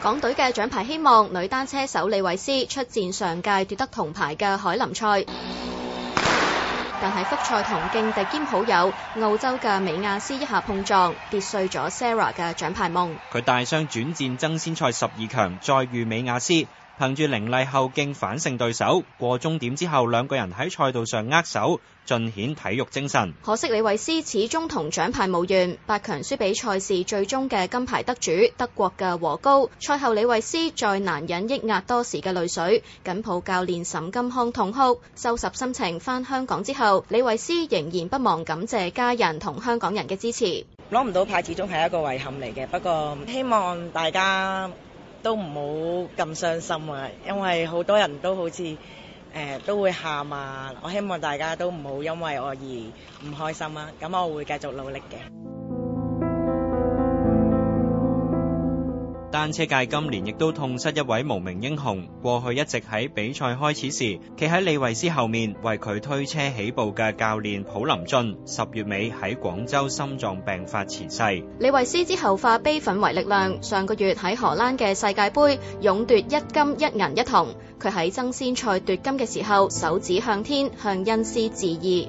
港隊嘅獎牌希望女單車手李慧詩出戰上屆奪得銅牌嘅海林賽，但係複賽同勁敵兼好友澳洲嘅美亞斯一下碰撞，跌碎咗 Sarah 嘅獎牌夢。佢大傷轉戰爭先賽十二強，再遇美亞斯。憑住凌厲後勁反勝對手，過終點之後兩個人喺賽道上握手，盡顯體育精神。可惜李慧詩始終同獎牌無緣，八強輸比賽事最終嘅金牌得主德國嘅和高。賽後李慧詩再難忍抑壓多時嘅淚水，緊抱教練沈金康痛哭。收拾心情翻香港之後，李慧詩仍然不忘感謝家人同香港人嘅支持。攞唔到牌始終係一個遺憾嚟嘅，不過希望大家。都唔好咁傷心啊，因為好多人都好似誒都會喊啊，我希望大家都唔好因為我而唔開心啊。咁我會繼續努力嘅。單車界今年亦都痛失一位無名英雄，過去一直喺比賽開始時，企喺李慧詩後面為佢推車起步嘅教練普林俊，十月尾喺廣州心臟病發辭世。李慧詩之後化悲憤為力量，上個月喺荷蘭嘅世界杯勇奪一金一銀一銅，佢喺爭先賽奪金嘅時候，手指向天向恩師致意。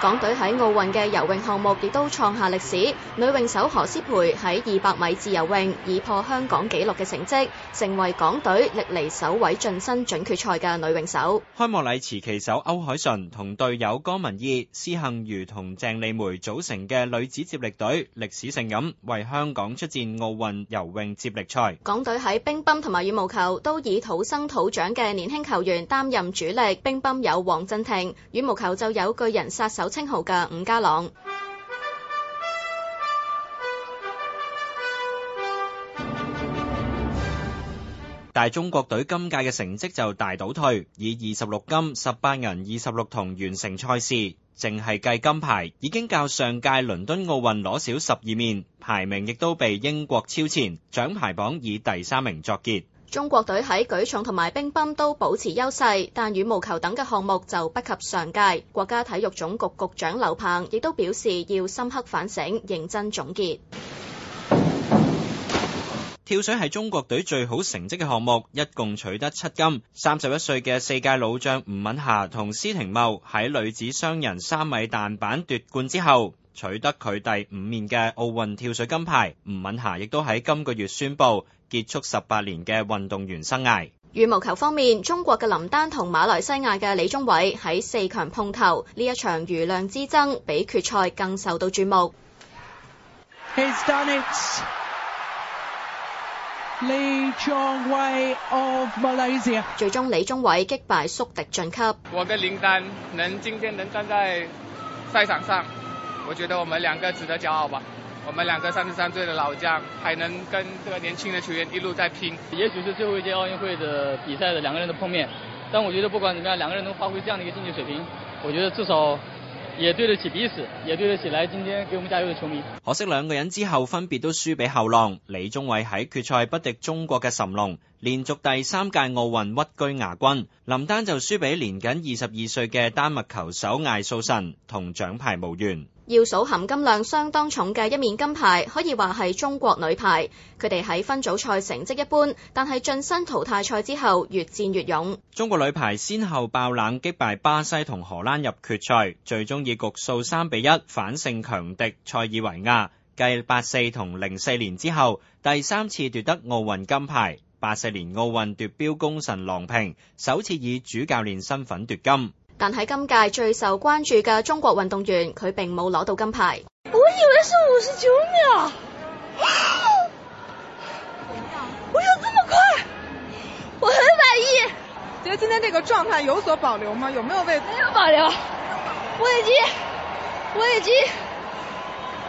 港隊喺奧運嘅游泳項目亦都創下歷史，女泳手何詩蓓喺二百米自由泳以破香港紀錄嘅成績，成為港隊歷嚟首位晉身準決賽嘅女泳手。開幕禮持旗手歐鎧淳同隊友江忞懿、施幸余同鄭莉梅組成嘅女子接力隊，歷史性咁為香港出戰奧運游泳接力賽。港隊喺乒乓同埋羽毛球都以土生土長嘅年輕球員擔任主力，乒乓有黃鎮廷，羽毛球就有巨人殺手，稱號嘅伍家朗，大中國隊今屆嘅成績就大倒退，以二十六金、十八銀、二十六銅完成賽事，淨係計金牌已經較上屆倫敦奧運攞少十二面，排名亦都被英國超前，獎牌榜以第三名作結。中國隊喺舉重同埋乒乓都保持優勢，但羽毛球等嘅項目就不及上屆。國家體育總局局長劉鵬亦都表示要深刻反省、認真總結。跳水係中國隊最好成績嘅項目，一共取得七金。三十一歲嘅四屆老將吳敏霞同施廷懋喺女子雙人三米彈板奪冠之後，取得佢第五面嘅奧運跳水金牌。吳敏霞亦都喺今個月宣布結束十八年嘅運動員生涯。羽毛球方面，中國嘅林丹同馬來西亞嘅李宗偉喺四強碰頭，呢一場瑜亮之爭比決賽更受到注目。He's done it. 李宗偉最終李宗偉擊敗宿敵晉級。我跟林丹能今天能站在賽場上，我覺得我們兩個值得驕傲吧。我們兩個三十三歲的老將，還能跟這個年輕的球員一路在拼。也許是最後一屆奧運會的比賽的兩個人的碰面，但我覺得不管怎麼樣，兩個人能發揮這樣的一個競技水平，我覺得至少，也對得起彼此，也對得起來今天給我們加油的球迷。可惜兩個人之後分別都輸俾後浪，李宗偉喺決賽不敵中國嘅諶龍。連續第三屆奧運屈居亞軍，林丹就輸俾年僅二十二歲嘅丹麥球手艾素臣，同獎牌無緣。要數含金量相當重嘅一面金牌，可以話係中國女排。佢哋喺分組賽成績一般，但係晉身淘汰賽之後越戰越勇。中國女排先後爆冷擊敗巴西同荷蘭入決賽，最終以局數三比一反勝強敵塞爾維亞，繼八四同零四年之後第三次奪得奧運金牌。八四年奧運奪標功臣郎平，首次以主教練身份奪金。但喺今屆最受關注嘅中國運動員，佢並冇攞到金牌。我以為是五十九秒， 我有這麼快，我很滿意。覺得今天這個狀態有所保留嗎？有沒有為？沒有保留。我已經，我已經。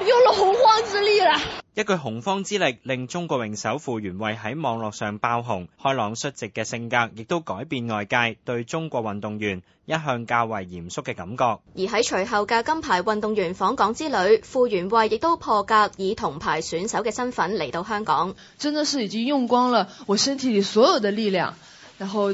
用了洪荒之力啦！一句洪荒之力令中國泳手傅園慧喺網絡上爆紅，開朗率直嘅性格亦都改變外界對中國運動員一向較為嚴肅嘅感覺。而喺隨後嘅金牌運動員訪港之旅，傅園慧亦都破格以銅牌選手嘅身份嚟到香港。真的是已經用光了我身體裏所有的力量，然後。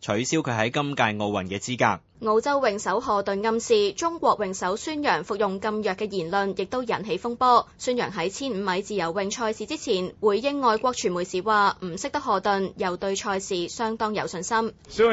取消佢喺今屆奧運嘅資格。澳洲泳手何頓暗示中國泳手孫楊服用禁藥嘅言論，亦都引起風波。孫楊喺千五米自由泳賽事之前回應外國傳媒時話：唔識得何頓，又對賽事相當有信心。So,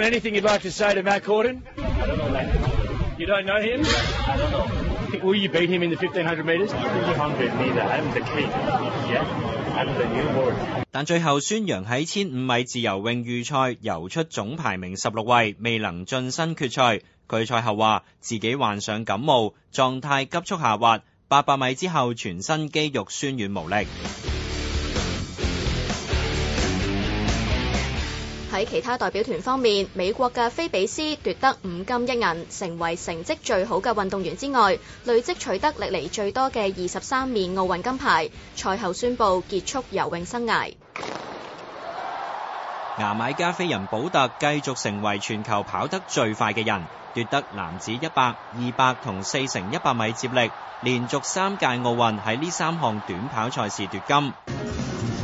但最後孫楊喺千五米自由泳預賽游出總排名十六位，未能晉身決賽。佢賽後話自己患上感冒狀態急速下滑，八百米之後全身肌肉酸軟無力。喺其他代表團方面，美國嘅菲比斯奪得五金一銀，成為成績最好嘅運動員之外，累積取得歷嚟最多嘅二十三面奧運金牌。賽後宣布結束游泳生涯。牙買加飛人保特繼續成為全球跑得最快嘅人，奪得男子一百、二百同四乘一百米接力，連續三屆奧運喺呢三項短跑賽事奪金。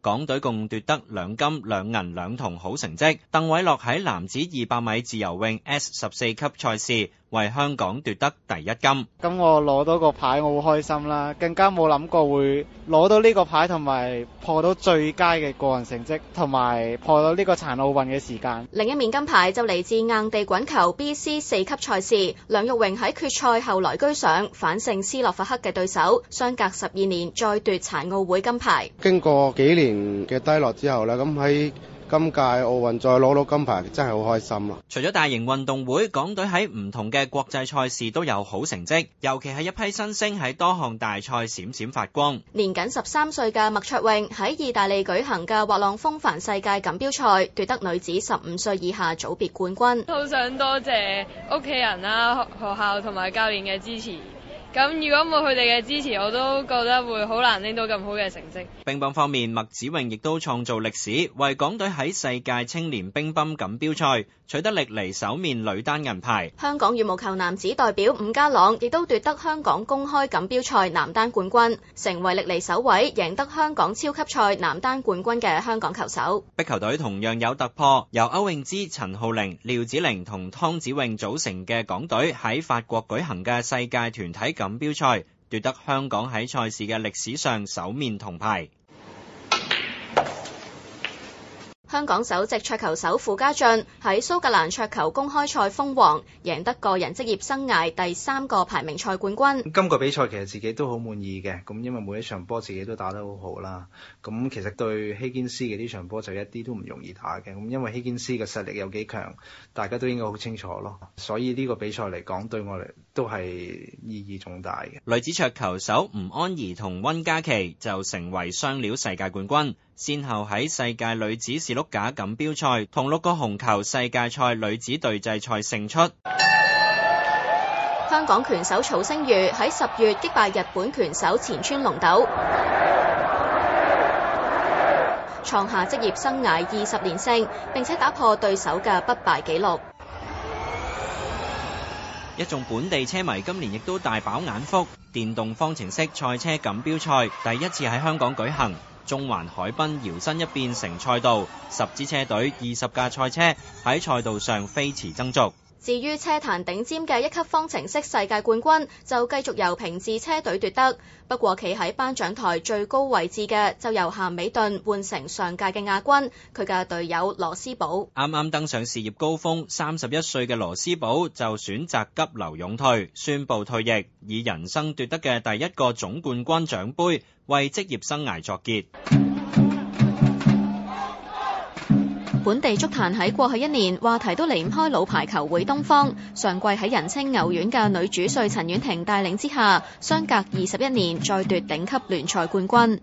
港隊共奪得兩金兩銀兩銅好成績。鄧偉樂喺男子二百米自由泳 S 十四級賽事為香港奪得第一金。咁我攞到個牌，我好開心啦！更加冇諗過會攞到呢個牌，同埋破到最佳嘅個人成績，同埋破到呢個殘奧運嘅時間。另一面金牌就嚟自硬地滾球 BC 四級賽事，梁玉榮喺決賽後來居上，反勝斯洛伐克嘅對手，相隔十二年再奪殘奧會金牌。經過幾年。嘅低落之後呢，咁喺今屆奧運再攞到金牌，真係好開心啦！除咗大型運動會，港隊喺唔同嘅國際賽事都有好成績，尤其係一批新星喺多項大賽閃閃發光。年僅十三歲嘅麥卓穎喺意大利舉行嘅滑浪風帆世界錦標賽，奪得女子十五歲以下組別冠軍。好想多謝屋企人啦、學校同埋教練嘅支持。咁如果冇佢哋嘅支持，我都覺得會好難拎到咁好嘅成績。乒乓方面，麥子詠亦都創造歷史，為港隊喺世界青年乒乓錦標賽取得歷嚟首面女單銀牌。香港羽毛球男子代表伍家朗亦都奪得香港公開錦標賽男單冠軍，成為歷嚟首位贏得香港超級賽男單冠軍嘅香港球手。壁球隊同樣有突破，由歐詠芝、陳浩鈴、廖子玲同唐芷穎組成嘅港隊喺法國舉行嘅世界團體錦標賽奪得香港喺賽事嘅歷史上首面銅牌。香港首席桌球手傅家俊喺蘇格蘭桌球公開賽封王，贏得個人職業生涯第三個排名賽冠軍。今個比賽其實自己都好滿意嘅，咁因為每一場波自己都打得好好啦。咁其實對希堅斯嘅呢場波就一啲都唔容易打嘅，咁因為希堅斯嘅實力有幾強，大家都應該好清楚咯。所以呢個比賽嚟講，對我嚟。都係意義重大嘅。女子桌球手吳安怡同温家琪就成為雙料世界冠軍，先後喺世界女子士碌架錦標賽同六個紅球世界賽女子對制賽勝出。香港拳手曹星如喺十月擊敗日本拳手前川龍斗，創下職業生涯二十年勝，並且打破對手嘅不敗紀錄。一眾本地車迷今年亦都大飽眼福，電動方程式賽車錦標賽第一次喺香港舉行，中環海濱搖身一變成賽道，十支車隊、二十架賽車喺賽道上飛馳爭逐。至於車壇頂尖嘅一級方程式世界冠軍，就繼續由平治車隊奪得。不過，企喺頒獎台最高位置嘅，就由咸美頓換成上屆嘅亞軍，佢嘅隊友羅斯堡。啱啱登上事業高峰，三十一歲嘅羅斯堡就選擇急流勇退，宣布退役，以人生奪得嘅第一個總冠軍獎杯為職業生涯作結。本地足壇喺過去一年話題都離唔開老牌球會東方，上季喺人稱牛丸嘅女主帥陳婉婷帶領之下，相隔二十一年再奪頂級聯賽冠軍。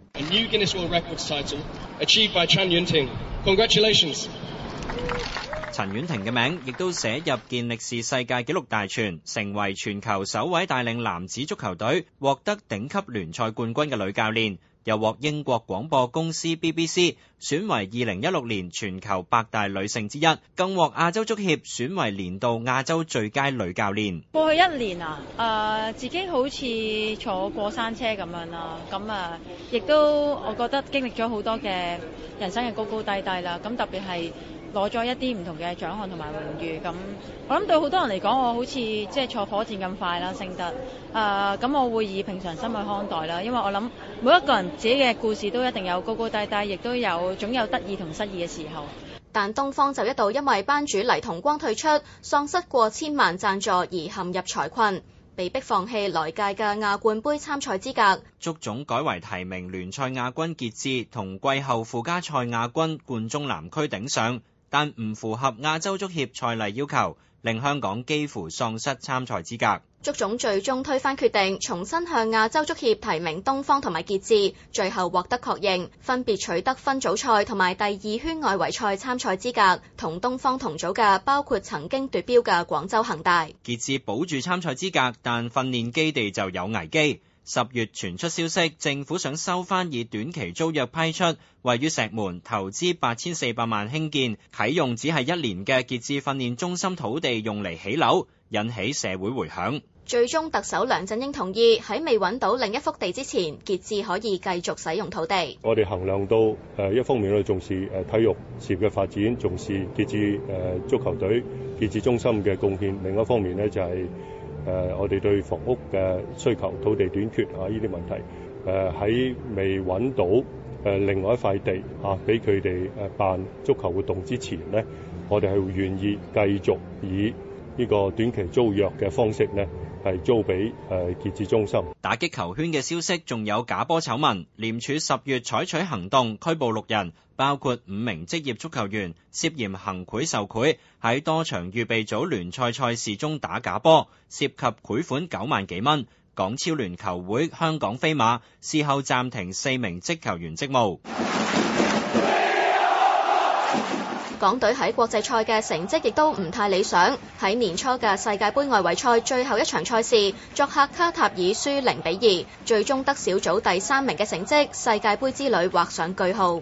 陳婉婷嘅名亦都寫入《健力士世界紀錄大全》，成為全球首位帶領男子足球隊獲得頂級聯賽冠軍嘅女教練。又獲英國廣播公司 BBC 選為二零一六年全球百大女性之一，更獲亞洲足協選為年度亞洲最佳女教練。過去一年啊，誒、呃、自己好似坐過山車咁樣啦，咁啊亦都我覺得經歷咗好多嘅人生嘅高高低低啦，咁特別係。攞咗一啲唔同嘅獎項同埋榮譽，咁我諗對好多人嚟講，我好似即係坐火箭咁快啦，升得，誒、呃，咁我會以平常心去看待啦，因為我諗每一個人自己嘅故事都一定有高高低低，亦都有總有得意同失意嘅時候。但東方就一度因為班主黎同光退出，喪失過千萬贊助而陷入財困，被迫放棄來屆嘅亞冠杯參賽資格，足總改為提名聯賽亞軍傑志同季後附加賽亞軍冠中南區頂上。但唔符合亞洲足協賽例要求，令香港幾乎喪失參賽資格。足總最終推翻決定，重新向亞洲足協提名東方同埋傑志，最後獲得確認，分別取得分組賽同埋第二圈外圍賽參賽資格。同東方同組嘅包括曾經奪標嘅廣州恒大，傑志保住參賽資格，但訓練基地就有危機。十月傳出消息，政府想收翻以短期租約批出、位於石門、投資八千四百萬興建、啟用只係一年嘅傑志訓練中心土地用嚟起樓，引起社會回響。最終特首梁振英同意喺未揾到另一幅地之前，傑志可以繼續使用土地。我哋衡量到誒，一方面去重視誒體育事業嘅發展，重視傑志誒足球隊、傑志中心嘅貢獻；另一方面呢就係、是。誒，我哋對房屋嘅需求、土地短缺啊，呢啲問題，誒喺未揾到誒另外一塊地啊，俾佢哋誒辦足球活動之前咧，我哋係願意繼續以呢個短期租約嘅方式咧，係租俾誒傑志中心。打擊球圈嘅消息，仲有假波醜聞，廉署十月採取行動，拘捕六人。包括五名職業足球員涉嫌行賄受賄，喺多場預備組聯賽賽事中打假波，涉及賄款九萬幾蚊。港超聯球會香港飛馬事後暫停四名職球員職務。港隊喺國際賽嘅成績亦都唔太理想，喺年初嘅世界杯外圍賽最後一場賽事，作客卡塔爾輸零比二，最終得小組第三名嘅成績，世界杯之旅畫上句號。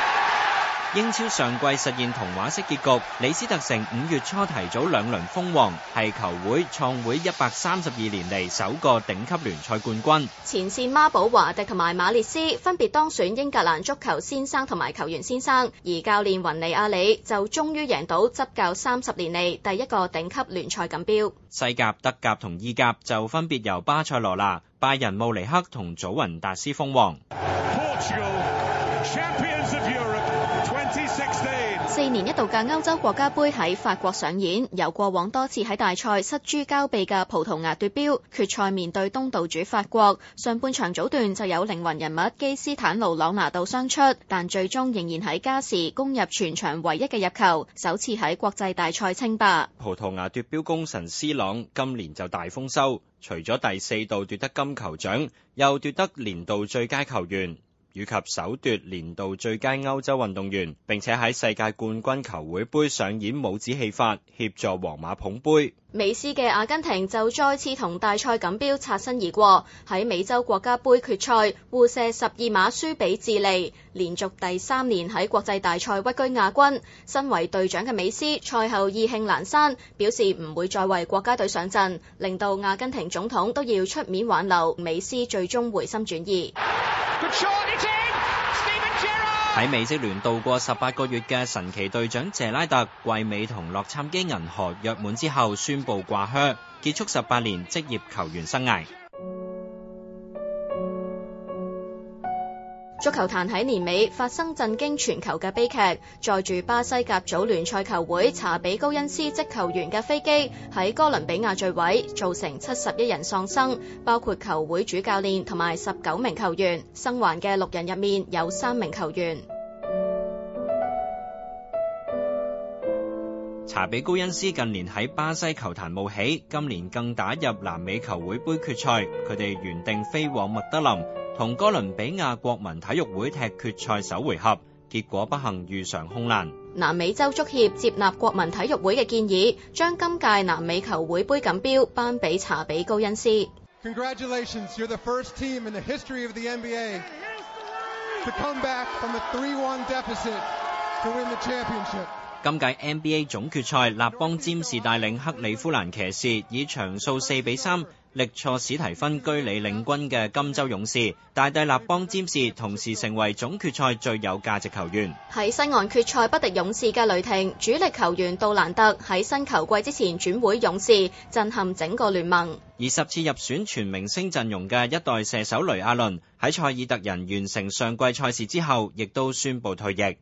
英超上季實現童話式結局，李斯特城五月初提早兩輪封王，係球會創會一百三十二年嚟，首個頂級聯賽冠軍。前線孖寶華迪同埋馬列斯分別當選英格蘭足球先生同埋球員先生，而教練雲尼阿里就終於贏到執教三十年嚟第一個頂級聯賽錦標。西甲、德甲同意甲就分別由巴塞羅那，拜仁慕尼黑同祖云達斯封王。四年一度嘅歐洲國家杯喺法國上演，由過往多次喺大賽失諸交臂嘅葡萄牙奪標。決賽面對東道主法國，上半場早段就有靈魂人物基斯坦奴朗拿度傷出，但最終仍然喺加時攻入全場唯一嘅入球，首次喺國際大賽稱霸。葡萄牙奪標功臣斯朗今年就大豐收。除咗第四度奪得金球獎，又奪得年度最佳球員，以及首奪年度最佳歐洲運動員，並且喺世界冠軍球會杯上演帽子戲法，協助皇馬捧杯。美斯嘅阿根廷就再次同大賽錦標擦身而過，喺美洲國家杯決賽互射十二碼輸俾智利，連續第三年喺國際大賽屈居亞軍。身為隊長嘅美斯賽後意興闌珊，表示唔會再為國家隊上陣，令到阿根廷總統都要出面挽留，美斯最終回心轉意。 喺美職聯度過十八個月嘅神奇隊長謝拉特，季尾同洛杉磯銀河約滿之後，宣布掛靴，結束十八年職業球員生涯。足球壇喺年尾發生震驚全球嘅悲劇，載住巴西甲組聯賽球會查比高恩斯職球員嘅飛機喺哥倫比亞墜毀，造成七十一人喪生，包括球會主教練同埋十九名球員。生還嘅六人入面有三名球員。查比高恩斯近年喺巴西球壇冒起，今年更打入南美球會杯決賽，佢哋原定飛往麥德林。同哥倫比亞國民體育會踢決賽首回合，結果不幸遇上空難。南美洲足協接納國民體育會嘅建議，將今屆南美球會杯錦標頒俾查比高恩斯。Congratulations, you're the first team in the history of the NBA to come back from the 3-1 deficit to win the championship. 今屆 NBA 總決賽，立邦占士帶領克里夫蘭騎士以場數四比三。力挫史提芬居里領軍嘅金州勇士，大帝立邦占士同時成為總決賽最有價值球員。喺西岸決賽不敵勇士嘅雷霆主力球員杜蘭特喺新球季之前轉會勇士，震撼整個聯盟。二十次入選全明星陣容嘅一代射手雷阿倫喺塞爾特人完成上季賽事之後，亦都宣布退役。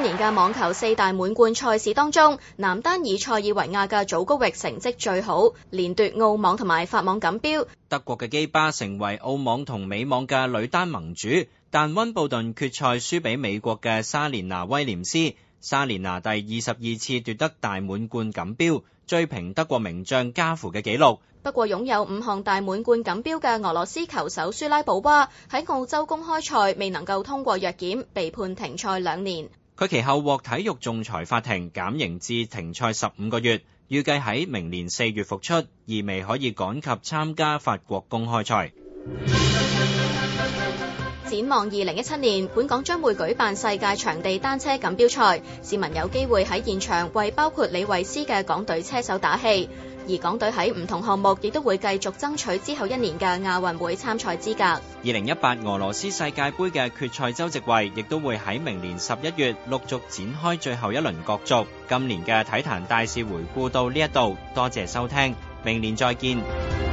今年嘅網球四大滿貫賽事當中，男單以塞爾維亞嘅祖高域成績最好，連奪澳網同埋法網錦標。德國嘅基巴成為澳網同美網嘅女單盟主，但温布頓決,決賽輸俾美國嘅莎蓮娜威廉斯。莎蓮娜第二十二次奪得大滿貫錦標，追平德國名將加夫嘅紀錄。不過，擁有五項大滿貫錦標嘅俄羅斯球手舒拉寶娃喺澳洲公開賽未能夠通過藥檢，被判停賽兩年。佢其後獲體育仲裁法庭減刑至停賽十五個月，預計喺明年四月復出，而未可以趕及參加法國公開賽。展望二零一七年，本港將會舉辦世界場地單車錦標賽，市民有機會喺現場為包括李慧詩嘅港隊車手打氣。而港隊喺唔同項目亦都會繼續爭取之後一年嘅亞運會參賽資格。二零一八俄羅斯世界杯嘅決賽周席位亦都會喺明年十一月陸續展開最後一輪角逐。今年嘅體壇大事回顧到呢一度，多謝收聽，明年再見。